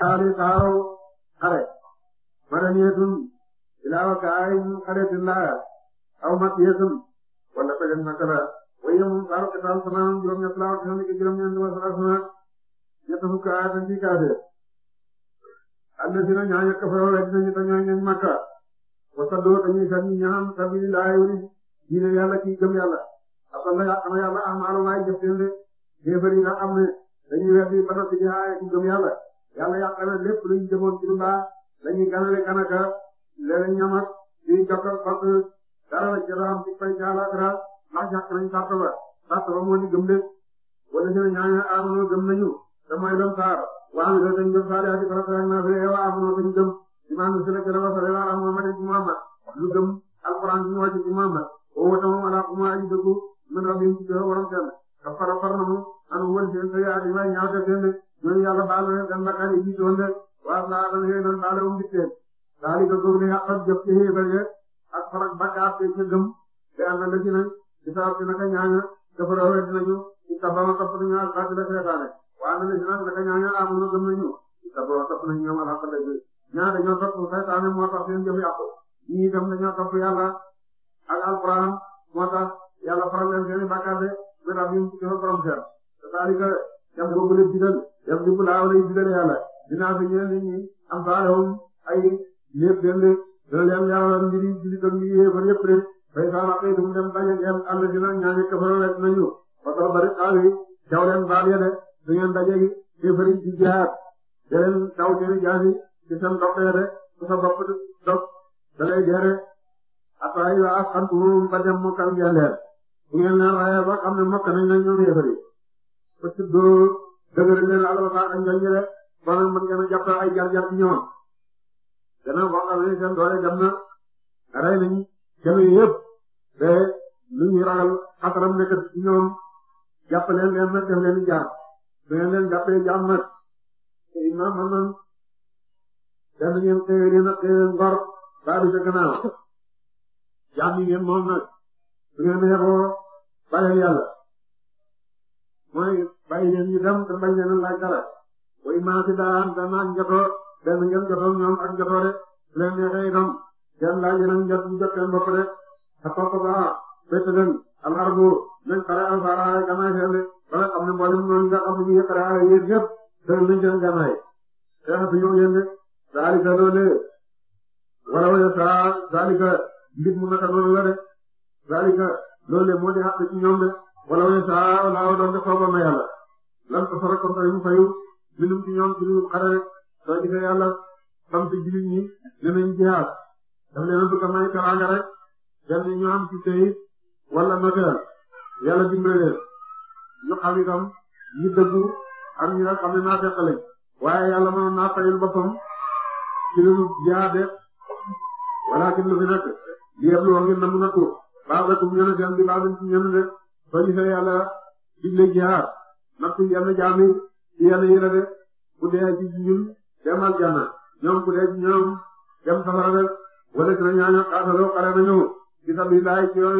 taxali taxaw xare wala ñeetum ilaawa kaay mu xare di laaya aw mat yeesum wala ko jëm nakala waye mum xaru ke taal sanam juróom ñett laaw dina nekk juróom ñeent wa sala sana ñett fukk aat ci kaade am na dina ñaaña ka fa wala dina ñu dañoo ñañ makka wa saddoo dañuy sànni ñaam sabilillahi wali diine yàlla kii gëm yàlla afalla yàqana yàlla amaalu waay jëf seen de xéefar yi nga xam ne dañuy weddi ba noppi di aaye ku gëm yàlla yàlla yàq na lépp luñ jëmoon ci lu baax dañuy ganale kanaka léeg-léeg ñam ak ñuy jokk ak bokk dara la ca la am ci fay ca àllaaxira ndax moo di gëm de wala si ne ñaareel aaroon gëm nañu te mooy lam saar waaw loolu dañu gëm saa di àgg kala kala naa fee waaw amoon dañu gëm si la ca la ba sare waaw amoon ma de ci Muhammad lu gëm alquran bi ñu wàcc ci Muhammad woo ala ku ma aji dëggu min rabbihim ci borom kenn ka fara far na mu anu ñooñu yàlla baal na leen bakkaar yi jiitu woon de waaw naa la leen doon baal wu dikkee daal ci xéefar ya ak farak bakkaar te ca gëm te ànd la ci nag di saa fi naka ñaaña defaroo rek dinañu di tabama topp nañu ak bàtt la seetaane waaw na ci nag naka ñaaña amul gëm nañu di tabama topp nañu ñoom ak àqal la ñaa dañoo topp seetaane moo tax seen jëf yàqu ñii itam dañoo topp yàlla ak alquran moo tax yàlla faral leen seen i bakkaar de ba tax ñu ci borom cam googu la jiital yam li mu laaw lay jiital yàlla dinaa fi ñëw nit ñi am saalahum ay lépp dem de dana leen yàlla mbiri julli tam yi yéefar yëpp de fay saa naqee dum dem daje yam àll dina ñaañu kafara rek nañu ba tax bari xaaw yi caw leen baal ya de su ngeen daje gi yéefari ci jihaad da leen taw seeni jaasi ci seen dox ya de su sa bopp dox da lay jeere ataa yi waa asxantuhum ba dem mokkal ngeen leer su ngeen leen rayal ba xam ne mokk nañ na ñoom yéefari parce que doo dëgëral leen alhamdulilah ak njëriñ la mën ngeen a ay jar-jar ci ñëwoon. gannaaw boo xam ne na rey nañ kenn yëpp te lu ñuy ragal xasaram nekk ci ñoom leen leen nag def leen jaar bu leen jàppee jaam nag te imaam man man benn ngeen xëyee leen ak xëyee ngor baa di sa gannaaw jaam yi ngeen moom nag bu ngeen mooy bàyyi leen ñu dem te bañ leen a laaj dara way maa si daan dana ak njotoo benn ngeen njotoo ñoom ak njotoo rek su leen neexee itam seen laaj nag njot ñu jot seen bopp rek sa topp ba bett leen alarbu nañ xare alfaaraare ganaay seen de ba nga xam ne mboolem noonu nga xam ne ñu yëkkare aare yéen yëpp seen nañ seen ganaay xeexatu ñëw yéen de zaalika loolee wala wala saa zaalika mbir mu naka noonu la de zaalika loolee moo di xàq ci ñoom de wala wala saa wala doon nga sooboon na lan ko soxla mu fayu binum ci ñoom binum xare rek soo gisee yàlla xam si jullit ñi dinañ jihaad daf leen a bëgg a may teraanga rek benn ñu am ci tey wala matériel yàlla dimbale leen ñu xam itam ñu dëggu ak ñu nag xam ne naa fekk lañ waaye yàlla mënoon naa fayul boppam ci lu jihaade wala ci lu fi nekk li yeblu woon na mu nattu baax na tuum ñeneen seen bi baax nañ ci ñeneen rek. soo gisee jihaar nattu yenn jaami ci yenn yi la ku dee ci ñun dem ñoom ku dee ci ñoom dem safara wala dina ñaañu xaataloo xare nañu ci sabilillahi ci yoonu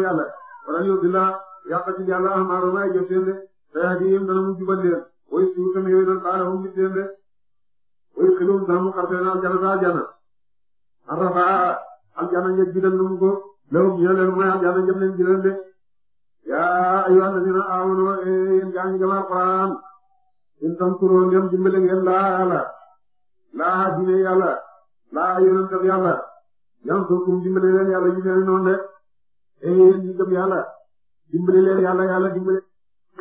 ci yàlla amaaru may jëf seen de te yaa ngi yéen dana mu jubal leen woy suuf tamit yooyu doon xaaral mu ngi seen de woy xilum dana mu xar seen aljanna sa ko léegi ñu ne leen mooy aljanna njëkk leen ji leen yaa ayyuhal ladina amanu yéen gaa ngi gëm alquran in tansuru ndem dimbali ngeen laa yàlla laa diine yàlla laa yonent yàlla yansurkum dimbali leen yàlla ñu mel noonu de eh, yéen ñi gëm yàlla dimbali leen yàlla yàlla dimbali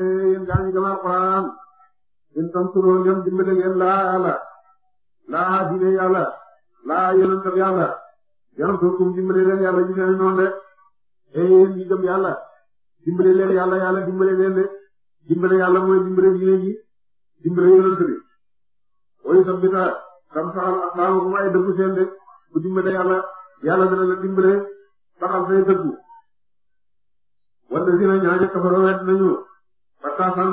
eh, yéen gaa ngi gëm alquran in tansuru ndem dimbali ngeen laa yàlla laa diine yàlla laa yonent yàlla yansurkum dimbali leen yàlla ñu mel noonu de eh, yéen ñi gëm yàlla dimbale leen yàlla yàlla dimbale leen de dimbale yàlla mooy dimbale diine ji dimbale yonent bi ooy sax bi ta tam saxal asmaanakum dëggu seen de bu dimbale yàlla yàlla dana la dimbale saxal say dëggu wala si na ñaaje kafaroo wet nañu ba taasaan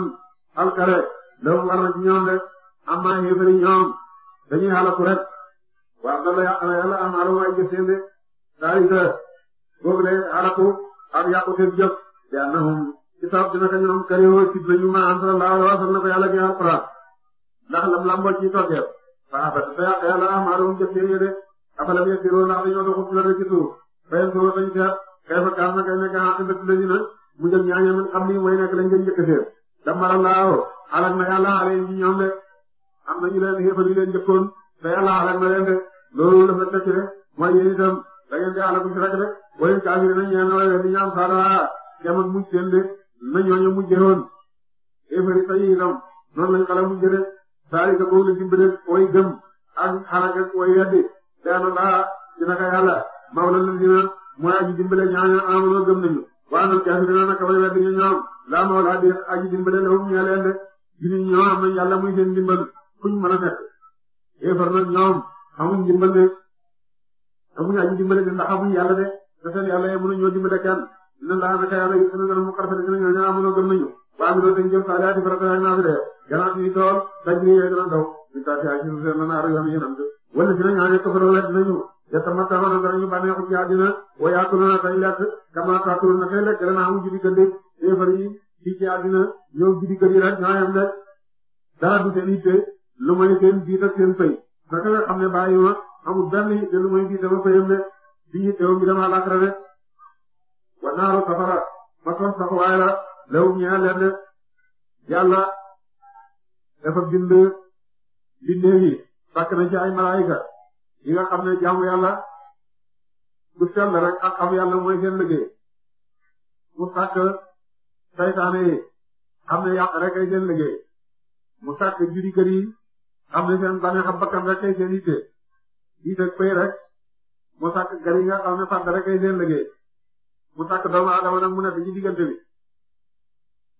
alkare law war na ci ñoom de amaa xéefari ñoom dañuy xalaku rek waa dala yàlla yàlla amaalum ay jëf seen de saa yi ta boog de xalaku ak yàqu seen jëf bi annahum ci sabab dina ko ñoom kariho ci lañu ma am sallallahu alayhi wa sallam ko yàlla gi alquran ndax lam lambo ci toggeef fahabat ba yàq yàlla amaarum jëf yéen de afalam yasiroo ndax dañoo doxul ci la rek ci suuf fayen soo fañ seet kayfa kaana kay nekk aqibatu lazina mu jëm ñaañe min xam ni mooy nekk lañ gën njëkk seen na yàlla aleen ci ñoom de am nañu leen xéefal yi de loolu dafa tekki de mooy yéen itam da ngeen di alaku si rek de wayin kaafiri nañ ñeen way jam ak de na ñooñu mujjee woon éfari sax yi itam noonu lañ xala mujjee de saa ka ko la dimbalee way ak xarak ak way weddi daana laa ci naka yàlla mawla mooy aji dimbale ñaaña amono gëm nañu waanal kaafirina naka way weddi ñu ñoom laa mawla aji dimbale lahum ña leen de julli ñoo am nañ yàlla muy seen dimbal fuñ mën a ñoom xamuñ dimbal de aji dimbale de dina laa naka yàlla gis nañ la mu xarfale dina ñëw ñu amoon gëm nañu waaye mu doon a jëf a farataay naa fi dee gannaaw si tool daj yee gën a daw ñu tax yaa ci seen na naaru yoon yi nam de wala dina ñaare këfaro la dinañu a tama tama danañu bànneexu ci àddina wa yaakuluna tay lekk kama lekk dana amu judi gëdd éefar yi fii ci àddina ñoo judi gëdd yi rek ñoo yem naka xam ne bàyyi ma amul benn itte lu may biit dama fayam de bi ñu teew mi dama laaxira rek wanaaru safara façon saxuwaay la lew ñaa leen de yàlla dafa bind bindee yi sàkk na ci ay malaayika yi nga xam ne jaamu yàlla du sell rek ak xam yàlla mooy seen liggéey mu sàkk saytaane xam ne yàq rek ay seen liggéey mu sàkk judikat yi xam ne seen bane xam bakkan rek ay seen yitte yitte pay rek mu sàkk gar nga xam ne fàdd rek ay seen liggéey mu takk doomu aadama nag mu nekk ci diggante bi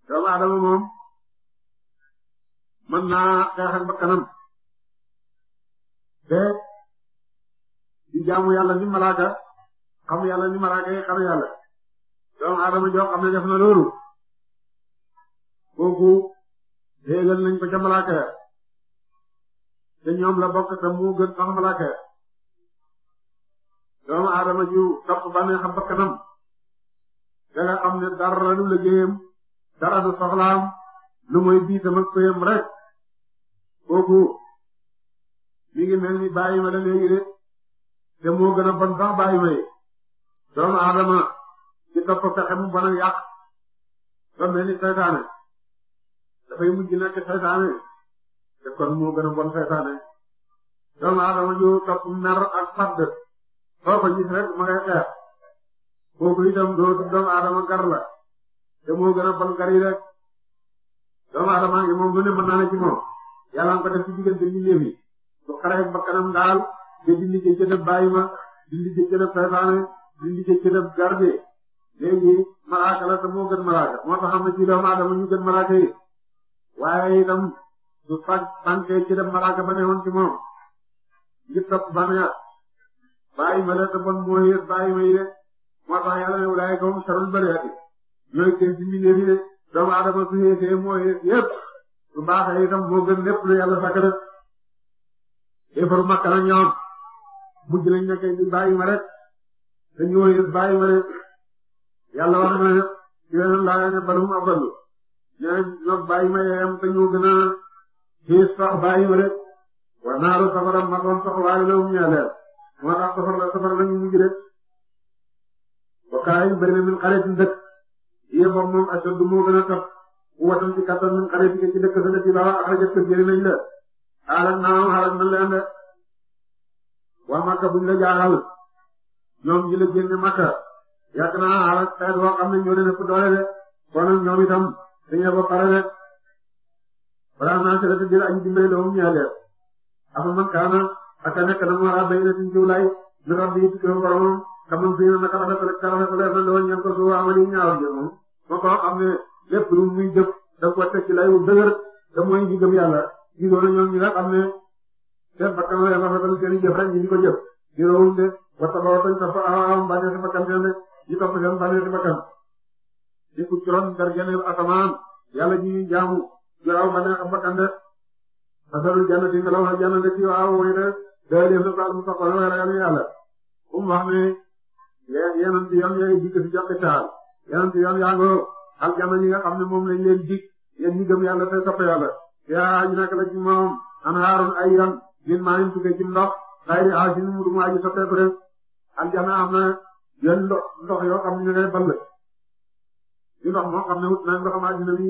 doomu aadama moom mën naa xeexal bakkanam te di jaamu yàlla ni malaaka xamu yàlla ni malaaka yi xam yàlla doomu aadama joo xam ne def na loolu kooku déegal nañ ko ca malaaka ya te ñoom la bokk te mu gën sax malaaka ya doomu aadama ju topp bànneexam bakkanam danga xam ne dara du liggéeyam dara du soxlaam lu mooy biitam ak pëyam rek kooku mi ngi mel ni bàyyi ma la léegi de te moo gën a bon sax bàyyi ma yi doomu aadama ci topp pexe mu bon ak yàq ba mel ni seytaane dafay mujj nekk seytaane te kon moo gën a bon seytaane doomu aadama ju topp mer ak fadd soo ko gis rek ma ngay xeex kooku itam doo doomu aadama gar la te gën a bon gar yi rek doomu aadama ngi moom lu ne mën ci moom yàlla nga ko def ci diggante mbindeef yi su xaree ba kanam daal te dindi cëccëtëb bàyyi ma dindi cëccëtëb saytaane dindi cëccëtëb garde léegi malaaka la te moo gën malaaka moo tax xam ne ci doomu ñu gën malaaka yi waaye itam su fag sànkee cëccëtëb malaaka ba ne woon ci moom ngir topp bànneex bàyyi ma la te bon moo yi rek moo tax yàlla ne wulaay ci mbindeef yi doomu aadama su xeexee moo xeex yépp su baaxee itam moo gën lépp lu yàlla sakk rek mujj lañ nekkee ñu bàyyi ma rek dañu wëy bàyyi ma wax na ne ci weneen laa ne balum abalu ñooy ñoom bàyyi ma a sax bàyyi ma wa naaru safara ma doon soxlaay la um ñaareel moo tax safara safara lañu mujj rek wakaana yu bëri min xare dëkk yéefar moom ashaddu moo gën a taf watan ci min xare ci dëkk sa dëkk baax axrajat ko génne nañ la xaaral naam xaaral man leen de waa Makka buñ la jaaxal ñoom ñu la génne Makka yàgg naa xaaral xeet boo xam ne ñoo leen ëpp doole de kon nag ñoom itam dañu la ba pare de balaa naa si la te dina aji dimbali doom ñaareel afa man kaana ak a nekk mu war a béy na si njiw laay li rab bi ci kamam fi na naka rafet ka rafet la na ñan ko suwa ma ni ñaaw jëm moo ko xam ne lépp lu muy jëf da ko teg ci lay wu dëgër te mooy ñu gëm yàlla di doon ñoom ñi nga xam ne seen bakkan la rafetal seen jëf rek ñu ko jëf di roowul de wata ba watañ topp am bànnee si bakkan seen rek ñu topp seen bànnee si bakkan di ku curon darjaneel asamaan yàlla ji jaamu yoraw bànnee ak bakkan de masalul jannati ngelaw la janna de ci waaw woy de day def na ko al mustaqbal yàlla yàlla um wax ne yonent yam yooyu dikk ci joxe taal yonent yam yaa ngoo aljana ñi nga xam ne moom lañ leen dik yéen ñi gëm yàlla te sopp yàlla yaa ñu nekk la ci moom anhaarun ay yan min maa'in tukkee ci ndox xayri aasin mu dum aji sotteeku rek aljana am na yenn ndox ndox yoo xam ne ñu ngay ball ndox moo xam ne wut na ndoxam àddina bi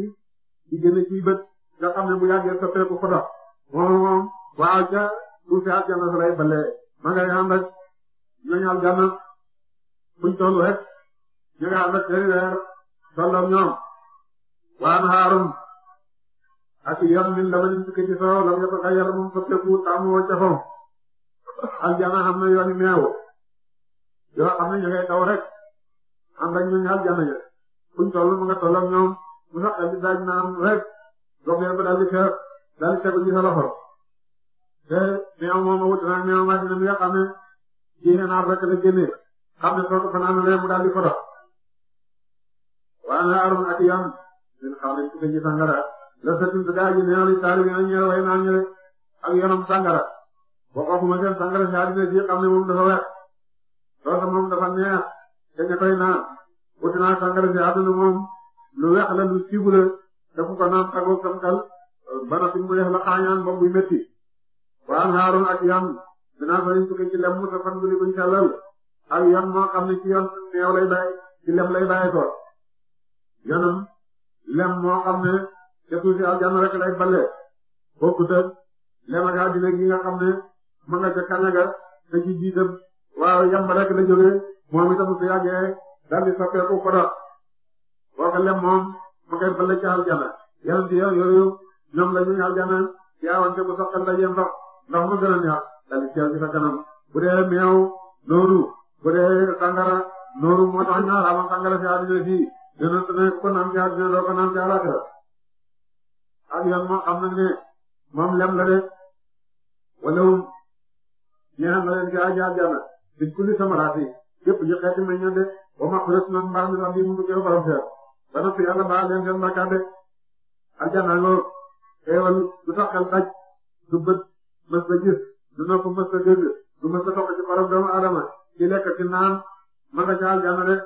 di génne ci bët ne bu yàggee sotteeku ko dox moom moom waaw ca tuuti aljana sa lay ballee ma ngay ànd ak fuñ toll rek jóge ànd ak seen weer tolloog ñoom waan xaarum ak yoon min dama ñu tukki ci soow lam yokk ak yar moom soppeeku taamu woo ca foofu aljana xam na yooni meew yoo xam ne ñu ngay daw rek ànd ak ñooñu aljana ya fuñ toll mu nga tolloog ñoom mu sax daal di daaj naan rek gox ba daal di fekk daal di tegu ci sa loxo te meew moom a wut nag meew maa ngi leen di nga xam ne diine naar rek la génnee. xam ne foofu fanaan ne mu daal di foto waaye aarun ak yam min xaalis su ko sangara la setin su gaa ji neew li taari bi na ñeel way naa ñële ak yoonam sangara boo xooxuma seen sangara si àddina si xam ne moom dafa wex soosa moom dafa neex te ñu koy naan wuti naa sangara si àddina moom lu wex la lu siibu la dafa ko naan tagoo sam kal bana si mu yeex la xaañaan ba muy métti waaye aarun ak yam dinaa fa ñu su ko ci lem mu sa fan ak yoon boo xam ne ci yoon neew lay bay ci lem lay bàyyi ko yoonam lem moo xam ne ca tuuti aljanna rek lay balle bokkut ak lem ak àddina gi nga xam ne mën nga ca kànnaga te ci jiitam waaw yam ba rek la jógee moom itam su yàggee daal di soppeeku kodot boo ko lem moom ma koy balle ci aljanna yoonam ci yoon bu soxal la yem ndox ndox ma gën a neex di teew bu dee meew nooru bu dee sangara nooru moo tax ñu xaraamal sangara fi àdduna fii yonent ne ko naan fi àdduna doo ko naan fi àllaaxira ak yoon moom xam nañ ne moom lem la de wala wum ñeexal na leen fi àjji àjjana bi kulli samaraati yëpp ñu xeeti may ñëw de ba ma xulës na mbaar mi sax bii mu ngi borom feer ba noppi yàlla baal leen seen bakkaar de àjjana lool xéewal du tax xel daj du bët mës a gis du nopp mës a dégg du mës a toq ci xorom doomu aadama ci lekk ci naan ma nga ca aljana de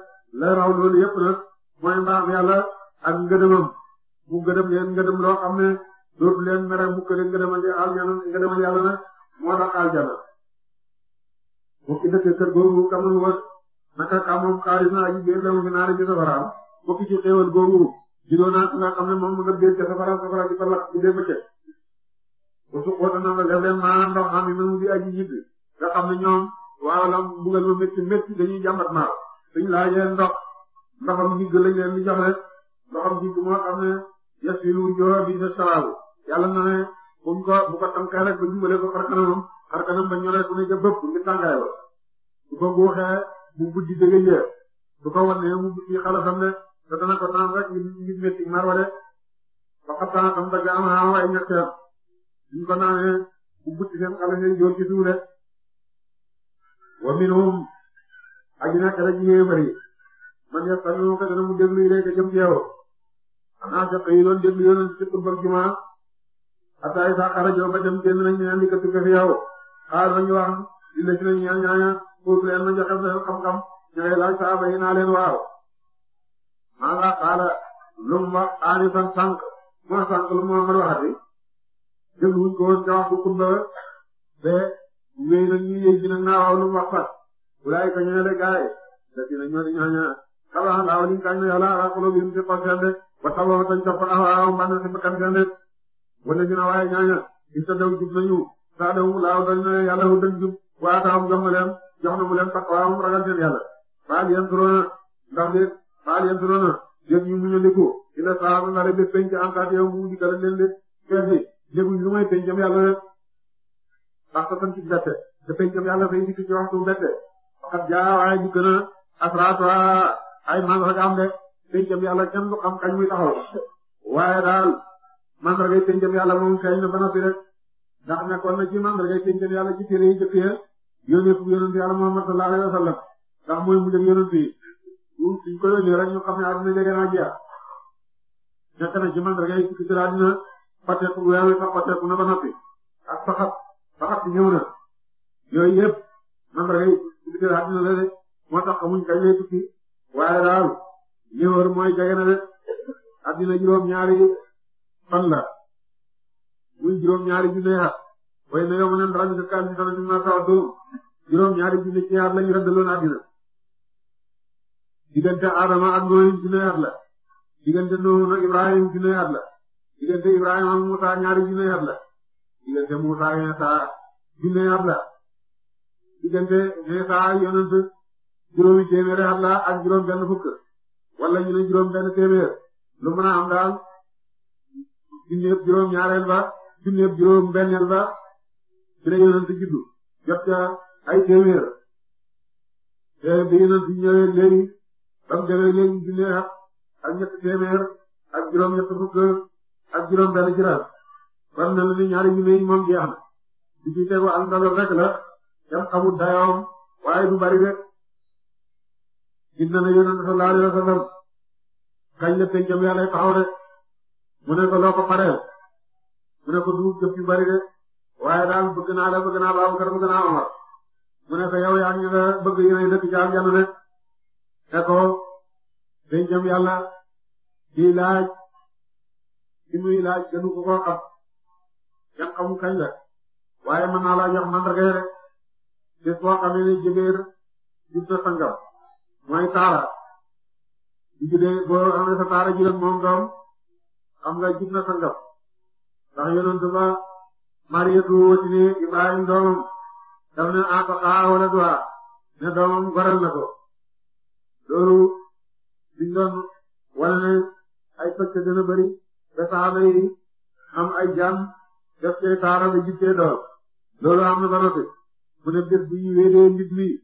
la raw loolu yëpp nag mooy mbaam yàlla ak ngëdëmam mu ngëdëm leen ngëdëm loo xam ne dootu leen mere mukkale kër googu kamul woon naka ka moom na aji biir la mu ci safaraam bokki ci naa nga xam ne moom mu nga biir ca safara safara ci falak ci dee bëccëg usu xoota na nga leen maa ndox xam ne mu di aji yib nga xam ne ñoom waaw la mbugal ma métti métti dañuy jàmbat maar suñ laajee ndox ndoxam digg lañ leen di jox rek ndoxam digg moo xam ne yes yi lu joxe bi na ne bu mu rek ba jubale ko xar ba ñoree ku ne ca bëpp ngir ba bu ko guuxee mu buddi mu buddi xalasam ne te dana naan rek ngir ngir métti mar wale ba xattaan xam dagg am xaawaay ñetteem ñu ko naanee mu seen xale seen joor ci suuf wa minhum aji nekk rek ñu ngi man de xam nga dana mu déglu yi rek a jëm ci yow xanaa sax yi doon déglu yoon ci xutba jumaa ataay sax rajo ba dem génn nañu ñaan di ko tukka fi yow xaar nañu wax di la ci nañu ñaan ñaan pour leen ma joxe sa xam-xam ñooy laaj saaba yi naa leen waaw. maa ngi xaaral lu mu wax aani fan sànq moo sànq lu mu Muhammad waxati déglu wuñ ko woon ca wax bu xutba ba ñooy nag ñuy yëg dina naaw lu wax sax walaay ka ñu ne de gars yi daf dina ñoo di ñaañaa xabaar laaw liñ kañ la yàlla bi ñu ci xol seen de tañ topp ahwaahum bànneex ci bakkan seen de wala dina waaye ñaaña in ta nañu saa daw laaw dañ ne yàlla wu dañ jub waa taxam jox na leen jox na ragal seen yàlla faal yeen turoona ndax de faal yeen turoona ñu muñ a ndekku ila saa ba penc en tant que mu bi léegi lu may ndax sa fan ci bette te pencam yàlla fay dikk ci waxtu bette waxat jaa waaye bu gën a asraat ay mandargaam de pencam yàlla kenn du xam kañ muy taxaw waaye daal mandargay pencam yàlla moom feeñ na ba noppi rek ndax nekkoon na ci mandargay pencam yàlla ci téere yi jëkk ya yónnee fu yónnent Muhammad sallallahu alayhi wasallam ndax mooy mu jëm yónnent yi suñ ko yónnee rek ñu xam ne àddina jege naa jeex nekk na ci mandargay dikk ci àddina pateeku weer wi sax pateeku na ba noppi ak saxat saxat si ñëw na yooyu yëpp man rek indi kër àddina la de waaye daal li mooy jege de àddina juróom-ñaari fan muy juróom-ñaari junne at way na yow ma ne dara ñu def kàddu gi tamit ñu naan a dóom juróom-ñaari junne ci at la ñu rëddaloon àddina diggante Adama ak Nooyin junne at la diggante Nuux ak Ibrahima junne at la diggante Ibrahima la. diggante Musaa Isa junne at la diggante Isa yonent juróomi téeméeri at la ak juróom benn fukk wala ñu ne juróom benn téeméer lu mën a am daal junneeb juróom ñaareel ba ba ci la yonent juddu jot ay téeméer te bi yonent ñëwee léegi ba mu demee léegi junne at ak ñett téeméer ak juróom ñett fukk ak juróom benn ci kon mel ni ñaari junne yi moom jeex na li ci tegu alkalor rek la kenn xamul dayoom waaye du bari de gis na ne yonent sallallahu alayhi wasallam kañ la pencam yàlla taxaw de mu ne ko loo ko pareel mu ne ko dugub jëf yu bari de waaye daal bëgg naa la bëgg naa ba Abubakar bëgg naa Umar mu ne ko yow yaa ngi la bëgg yéenay dëkk ca aljanna de te ko pencam yàlla di laaj di muy laaj gënu ko ko xam kenn xamu kañ la waaye mën naa laa jox mandarga rek bés boo xamee ne jëbeer gis na sangam mooy taara di judee boo xam sa taara ji moom doom xam nga gis na sangam ndax yonent ba mariyatu watini Ibrahim doomam daf ne antaqa wala duha ne doomam gorel na ko loolu liñ doon wane ne ay pëcc gën a ba saaba yi am ay jàmm def kay taara ba jikkee loolu am na ba noppi mu ne bés bu ñu weedee nit mi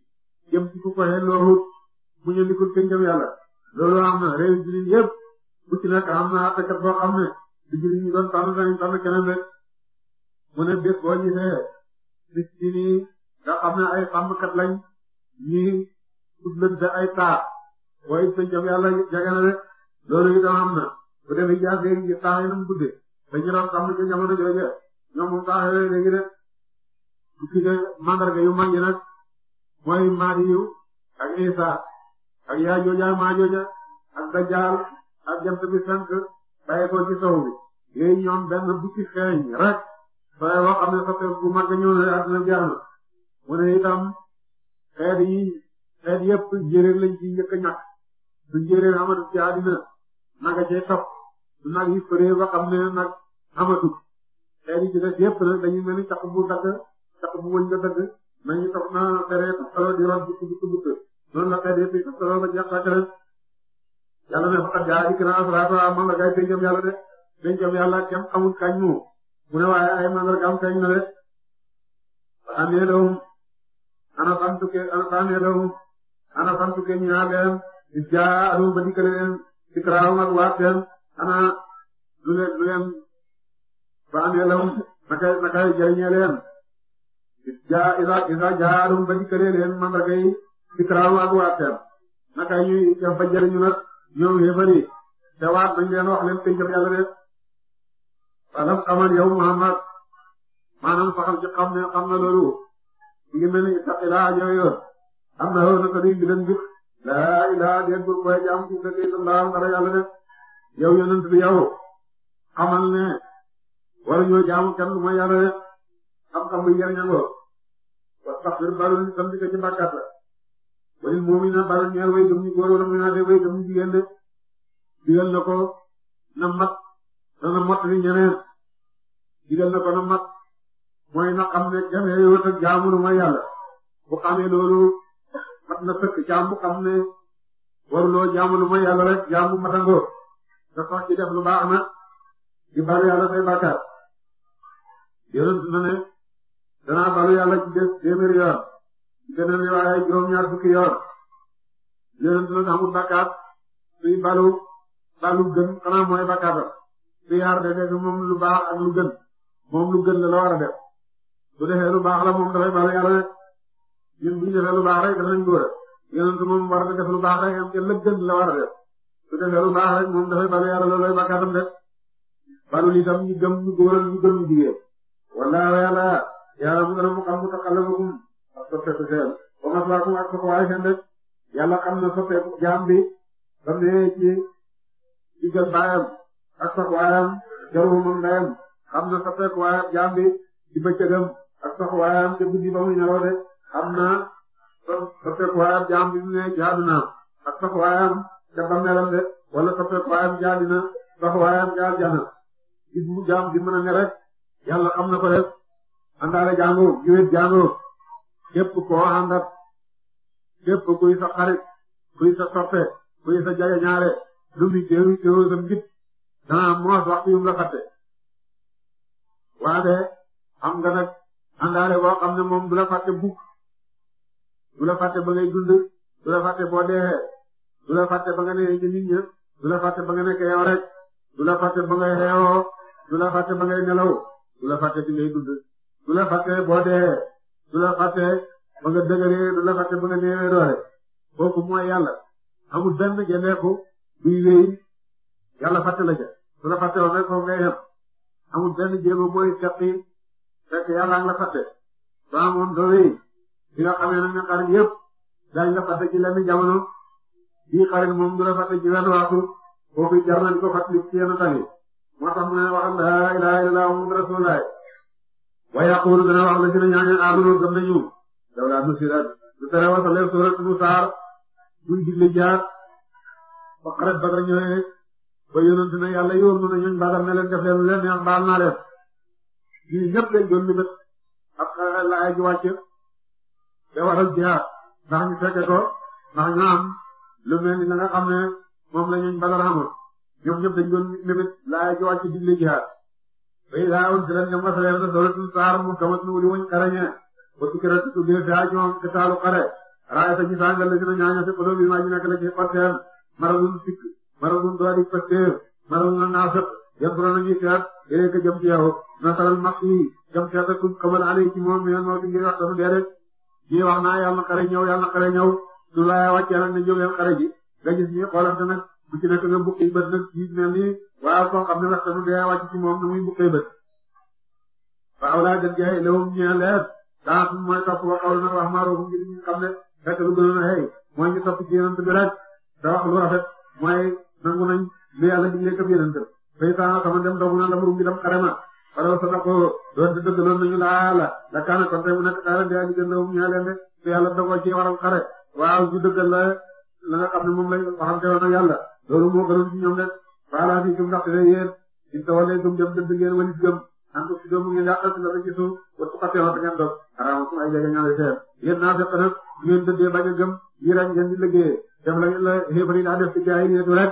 jëm ci ku ko xelloowut mu ñu ndikul pencam yàlla loolu am na réew jullit yëpp bu ci nekk am na àttekat boo xam ne du jullit ñu doon tànn dañu rek mu ne bés boo gisee nit ci nii nga xam ne ay xàmmkat lañ ñuy utlante ay taar waaye pencam yàlla jege rek loolu itam am na bu demee jafe-jafe yi taay na mu guddee te ñu doon tànn ca jamono jooju ñoom moom saa yooyu léegi de ci de mandarga yu yi nag ak Isa ak Yaajooj ak ak Dajjaal ak jant bi fenk bàyyi ko ci sow bi ñoom benn bu ci rek sooy wax ne soppeeku bu mag ñëw na àdduna jeex na mu itam xeet yi xeet yëpp jéréer lañ ci njëkk a ñàkk du jéréer amatu ci naga cee topp nag yi fëree ba ne nag amatul xeeti ci def yépp nag dañuy mel ni caq dagg caq wëñ nga dagg nañu toog na feree tasaloo di rot bukk bukk bukk noonu la xeet yépp tasaloo ba jeex tàkk rek yàlla ne faqat jaa dikk na asalaatu man la gaay pencam yàlla de pencam yàlla kenn xamul kañ mu mu ne waaye na de fa amee ana fan tukke ana fa di jaa adum ba dikkale leen dikraawum ak waat ana lu leen lu leen fa amee lahum nakay nakay jariñee leen jaa isa isa jaarum ba dikkalee leen mandarga yi dikraam ak waateem nakay ñuy def ba jariñu nag ñoom xéefari te waat nañ leen wax leen tey jëf yàlla de alam xamal yow Muhammad maanaam faxal ci xam ne xam na loolu ngi mel ni ittaqilaa ñooyoon am na woon naka di bilan bi laa ilaa deen bur koy jaam ci dëgg yàlla dara yàlla de yow yonent bi ne wala ñoo jaamu kenn lu mooy yàlla rek xam-xam buy njëriñ ngoo wa tafsir barul sam di ko ci bàkkaat la walil mu'mina barul way gëm ñu góor wala mu naate way gëm ñu jigéen digal na ko na mat te na mot ñeneen digal na ko na mat mooy na xam ne jaamu lu mooy yàlla bu xamee loolu mat na fekk jaam bu xam ne waruloo jaamu lu mooy yàlla rek jaamu matangoo dafa ci def lu baax na di bari yàlla say bàkkaat yonent na ne danaa balu yàlla ci des téeméeri yoon ci beneen riwaaya juróom-ñaar fukki yoon yonent na amul bakkaat suy balu balu gën xanaa mooy bakkaatam suy aar de def moom lu baax ak lu gën moom lu gën la la war a def bu defee lu baax la moom dafay balu yàlla rek ñun bu ñu defee lu baax rek danañ góor yonent moom war a def lu baax rek am ca la gën la war a def su defee lu baax rek moom dafay balu yàlla loolooy bakkaatam rek balu li tam ñu gëm ñu góoral ñu gëm ñu jigéen wallaahu yàlla yàlla mu gën mu xam mu taqallabukum ak soppeeku seen ba maswaakum ak soxlaay seen rek yàlla xam na soppeeku jaam ba mu ne ci ci jot baayam ak soxlaayam jarumam ndeyam xam na soppeeku waayam jaam bi ci ak soxlaayam te guddi ba muy na soppeeku waayam jaam bi na ak soxlaayam te bammeelam de wala soppeeku na soxlaayam jaadi na gis mu jaam bi mën a rek. yàlla xam na ko def àndaale jàngu jiwit jàngu képp koo àndat képp kuy sa xarit kuy sa soppe kuy sa jage ñaare lu muy teeru teeru sa mbit dana moos waxtu yum la fatte waaye xam nga nag àndaale boo ne moom du la fatte bukk du la fatte ba ngay du la fatte boo du la fatte ba nga du la fatte ba nga rek du la fatte ba ngay du la fatte ba nelaw du la fàtte fi ngay dund du la fàtte boo dee du la mooy yàlla amul benn jëndeeku buy wéy yàlla fàtte la ca du la fàtte woon rek foofu ngay yem amul benn jéego mooy seqi fekk yàlla la fàtte ba amoon doo wéy bi nga xamee nag ne xarit yëpp daañu la fàtte ci lenn jamono bii xarit moom du la fàtte ci wenn na di moo tax mu laa ilaaha illallaah muhammadur rasuulullaah wa yaquulu dana wax la ci ne ñaa ngeen aamanu gëm nañu dawla nusirat du tere suurat bu saar buy digle jaar ba xaret Badar ñëwee ba yonent na yàlla yóoru na ñooñ Badar ne leen def leen leen neex baal naa leen ñii ñëpp lañ doon ñu fekke ko ñu am lu mel ni la nga moom la ñooñ Badar ñoom ñëpp dañu doon mébét laaya ji wàcc digle jihaad bay laa woon si lan ñoom masalee ba sooratul saar mu kamat nu li wañ xare ñe ba tukkira tuttu dee faa ci moom raaya sa ci sangal la gën a ñaaña si xoloo bi maa ji nekk la ci xotteen maradun sikk maradun doodi pasteur maradun naafik yam sura nañuy xeet yéen ka jëm ci yow nasaral max yi jëm xeet ak kum kabal ale ci moom meen moo di ngir wax dafa dee rek ñii wax naa yàlla xare ñëw yàlla xare laaya ku ci nekk nga buqi bët na ci mel waaw koo xam ne nag tamit day wàcc ci moom nu muy buqi bët waaw laa gën jaay lawum ñeel leer daa mooy topp ba xaw na wax maa roogum ngir ñu xam ne fekk lu gënoon a xëy mooy ñu topp ci yonent bi rek da lu rafet mooy nangu nañ lu yàlla digle këp yonent fay saana sama dem dogu na lam rum bi dam xarema wala sa dako doon te dëggaloon nañu laa la la kaana kon mu nekk xara da li gën lawum la la nga xam ne moom lay waxante woon loolu moo gënoon ci ñoom nag baala fi gëm ndax dina yéen di tawalee gëm dem dëgg ngeen walis gëm an ko ci doomu ngeen yàqal si ba ci suuf ba su xasee su ay jege ñaari seer yéen naa fekk nag ngeen dëddee bañ a gëm yi rek ngeen di liggéeyee def la la xéefari daa def ci jaay yi walaay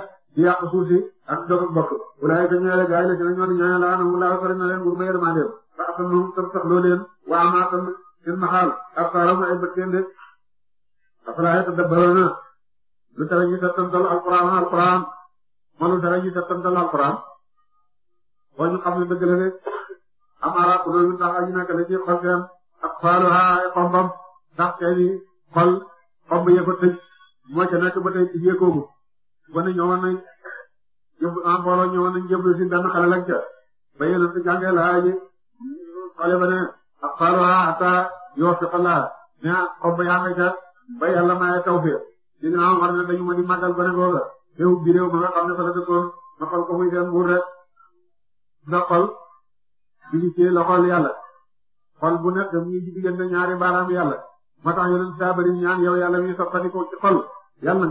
ka ñëwee gaay la ci ñoo di ñaan la anam wala fari na leen nguur ma yërmandeem fa atam moom tam sax loo leen waa maa tam seen maxaal ay bëkkeen lu tere ñu settantal alquran alquran ma lu tere ñu settantal alquran boo ñu xam ne dëgg la rek am ara qulubun ndax aji nekk la ci xol seen ak faaluha ay xombam ndax seeni xol xomb yee ko tëj moo ca nekk ba tey ci yéekoogu gone ñëwoon nañ jëb en mbooloo ñëwoon nañ jëblu si benn xale lañ ca ba yéen a jàngee laa ji xale ba ne ak faaluha hatta yoo fi xalaat mais xomb yaa ngi ca ba yàlla maye tawfiq dina am war na dañu ma di màggal gone googa réew bi réew ma nga xam ne fa la dëkkoon doxal ko muy seen buur rek doxal di ci téye loxol yàlla xol bu nekk mu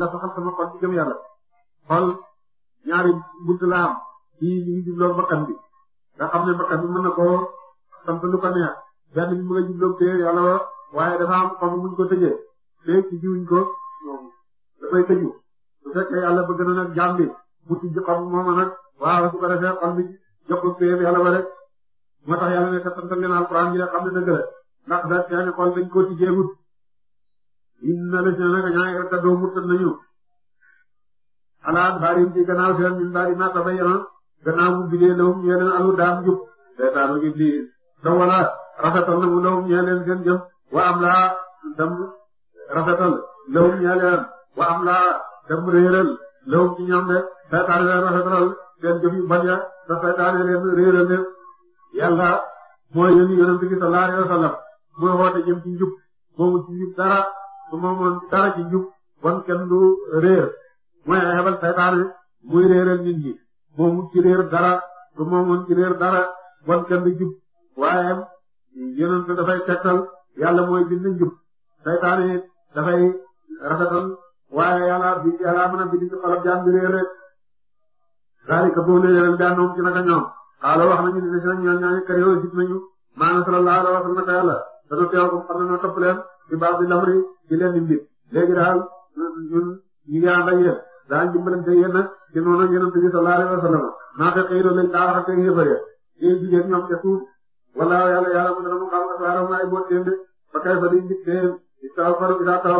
saxal sama xol ci gëm yàlla xol ñaari bunt la am fii ñu ngi jubloo bakkan bi xam ne bakkan bi mën na koo sant lu ko neex yàlla waaye dafa am xamu muñ ko tëjee téye ci jiwuñ ko dafay tëju su fekkee yàlla bëgg na nag jaam bi mu tijji xol mooma nag waaw su ko defee xol bi jox ko péeb yàlla ba rek moo tax yàlla ne santal leen alquran ji la xam ne dëgg la ndax da seen dañ ko tijjeegut inna la seen nag ñaa ngi tëddoo mu tëdd nañu alaat bari ci gannaaw seen min bari naa tabayyana gannaaw mu bidee lawum ñee leen alu daam jub seetaanu iblis dawala rafetal na mu lawum ñee leen seen jëm wa am laa dam rafetal wa am laa dem réeral lawum ci ñoom de saytaane leen rafetalal seen jëf yu bañ a te saytaane leen réeral ne yàlla mooy yónni yonent bi sallallahu alayhi wasallam mooy woote jëm ci njub moomu ci njub dara su moomoon dara ci njub wan kenn du mooy xebal saytaane muy réeral nit ñi moomu ci réer dara su moomoon ci réer dara wan kenn du jub waaye yonent dafay tegtal yàlla mooy bind njub saytaane dafay rafetal waaye yàlla bi yàlla mën a bind ci xolof jaan bi réer rek zalika boo ne yeneen daanum ci naka ñoom xaala wax nañu ne si nag ñoom ñaari kër yooyu gis nañu maanaam sallallahu alayhi wa sallam naka yàlla dana teew ko xam nañoo topp leen ci baax bi lamri ci leen di mbir léegi daal ñun ñu ngi ànd ak yéen daañu dimbalante yéen nag ci noonu ak yonent bi sallallahu alayhi wa maa fekk yi doon leen daa wax ak ya yéen jigéen ñoom ca suuf wala yàlla mu dana mu xam asaaram ay boot leen de ba kay fa di nit leen di taw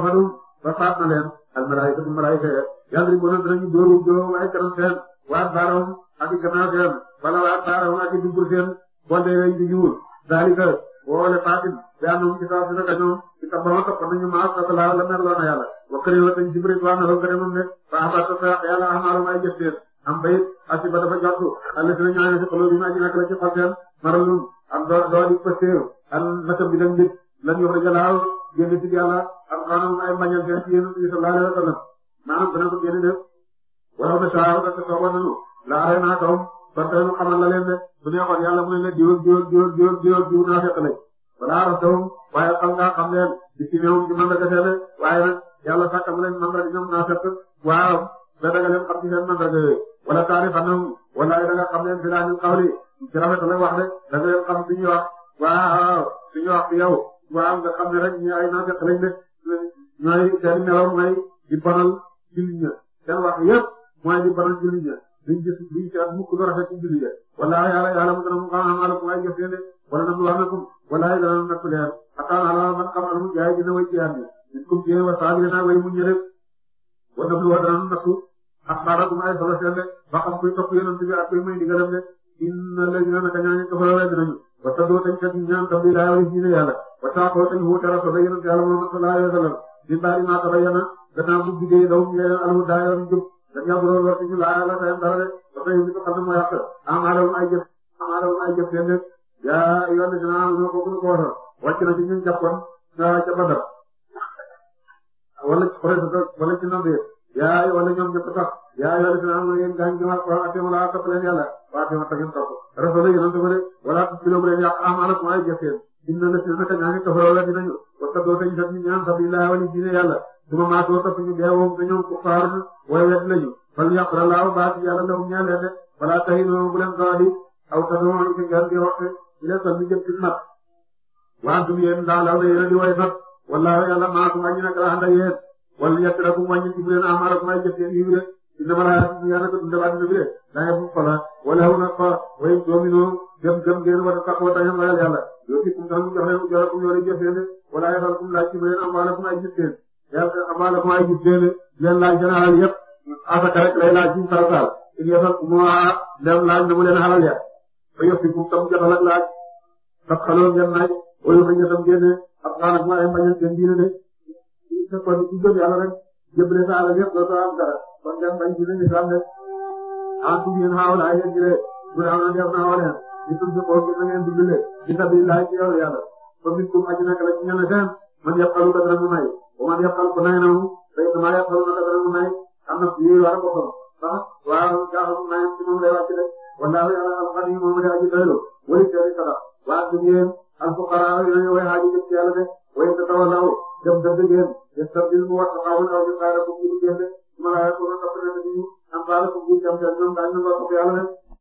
faru al malaayika bu malaayika yàlla di bon dinañu dóoru dóoru ay kanam seen waat baaram ak i gannaaw seen wala waat baaram ak i dubur seen bonde yooyu di ñuul daalika woole faatin bi am na mu ci saa si nag a ñoom ci tabbama topp nañu maas ak laa la merloo na yàlla wakkari la tañ jibri waa na loolu moom ne fa abata sa yàlla amaalum ay jëf seen am bayit asi ba dafa jottu àll si na ñaane si xoloo bi ma aji nak la ci xol seen maralum am doo doo di pëstéer an nakam bi dañ nit lan yox ri jalaaw génn ci yàlla ak xanam ay mbañal seen ci yéen sallallahu alayhi wa sallam maanaam dana ko génn def wala na saar ak sooba nanu laare naa kaw parce que nu xamal la leen de bu neexoon yàlla mu ne la diw ak diw ak diw ak diw ak diw ak diw naa fekk lañ wala araf tawum waaye xam ngaa xam leen di ci néewum ci mën la gaseele waaye nag yàlla sàkkam leen mën la di ñoom naa fekk waaw da daga leen xam ci seen mën la gëyee wala taari fanam wala da nga xam leen fi laa ñu xawli ci rafet la wax de da nga leen xam suñu wax waaw suñu wax fi yow waaw nga xam ne rek ñu ay naafeq ne ñooy seen meloom mooy di bonal jullit ña seen wax yëpp mooy di bonal jullit ña duñ gis duñ ci at mukk lu rafet ci jullit ña wallaahi yàlla yàlla mu mu ay jëf leen wala na mu wax nakum dana nakk leer ataan ala man xam alamu jaay dina way ci yaar ña nit kum ci wa saabira naa way muñ rek wala lu wax dana nakku axbaarakum ay solo seen de ba xam kuy topp yonent bi ak kuy may ndigalam de inna la ñu ka ñaan ñu ko fa wasaakoo te ñu wut dara ba yéen a jàll moom sallallahu alayhi wa sallam min baari maa tabayyana gannaaw bu jugee daw ñu leen alhu daa yoon jub dañu yàgg lool wax dëgg laa la tayam dara de ba tey li ko xam ne moo yàq amaalewum ay jëf amaalewum ay jëf yéen rek yaa yoon dina am ko gën ko waral wàcc na ci ñun jàppoon ca Badar wala ci projet wala ci Nambé yaa wala ñoom ñëpp tax yaa yoon dina am yéen gaañ gi ma ko affaire laa topp leen yàlla waa affaire ma tageen topp rafetlu yéen a topp de wala kilo bu leen yàq amaalewum ay jëf yéen inna la fii naka ñaañu kafaroo la dinañu wax dëgg dootuñu sax ñu ñaan sabilillah wala diine yàlla duma maa doo topp ñu deewoo nga ñoom kuffaar way wet lañu. fal yaqrallahu baati yàlla ndaw ñaan leen rek balaa tahinu bu leen doon di aw tad'u ci ngeen di wax ila salmi jëm ci mat. waa dum yéen ndax law yéen a di way sax wallaahi yàlla maakum añu nag la ànd ak yéen wala yàtt rek mu wàññi ci bu leen amaarakum ay jëf yéen yiw rek innamal hayaatu dunya rek dund waat bi de da ngeen ko xoolal wala wu na fa way dominoo gëm gëm ngeen war a taxaw taxaw ragal yàlla yow ci kum tax mu jox leen jox kum yore jox leen wala ay xel kum laaj ci bu leen amaale kum ay gis leen yàlla amaale kum ay gis leen leen laaj seen alal yëpp asaka rek lay laaj ci farataal il y a sax mu waa dem laaj na mu leen xalal ya ba yow ci kum tax mu jox la laaj sax xeloo ngeen naaj wala fa ñu tam génne ab xaaral kum ay mbañal seen diine de sa kon ci gëm yàlla rek jëbale sa alal yëpp doo am dara kon dem bañ ci biir islam rek ah suuf yéen xaaral ay yéen jëlee guddaa na def naa wala ñu tudd ko gis na ngeen dundale di tabi laay ci yow yàlla comme nit ku mu aji nekk la ci ñenn man yaqalu ko dara mu may bu man yaqal ko nay na mu tey damaa yaqalu ko dara mu may am na lii war a ko xam ah sax waaw jaaxal mu may ci de wallaahu yàlla alxadim moom day aji doylu wala seeri sala ci de way tatawalaw dem dëgg yéen yastabdil mu wax xawul aw bi xaara bu ci génne malaaka ko topp na ñu am baal ko bu jam jam ñoom daañu nangoo topp yàlla rek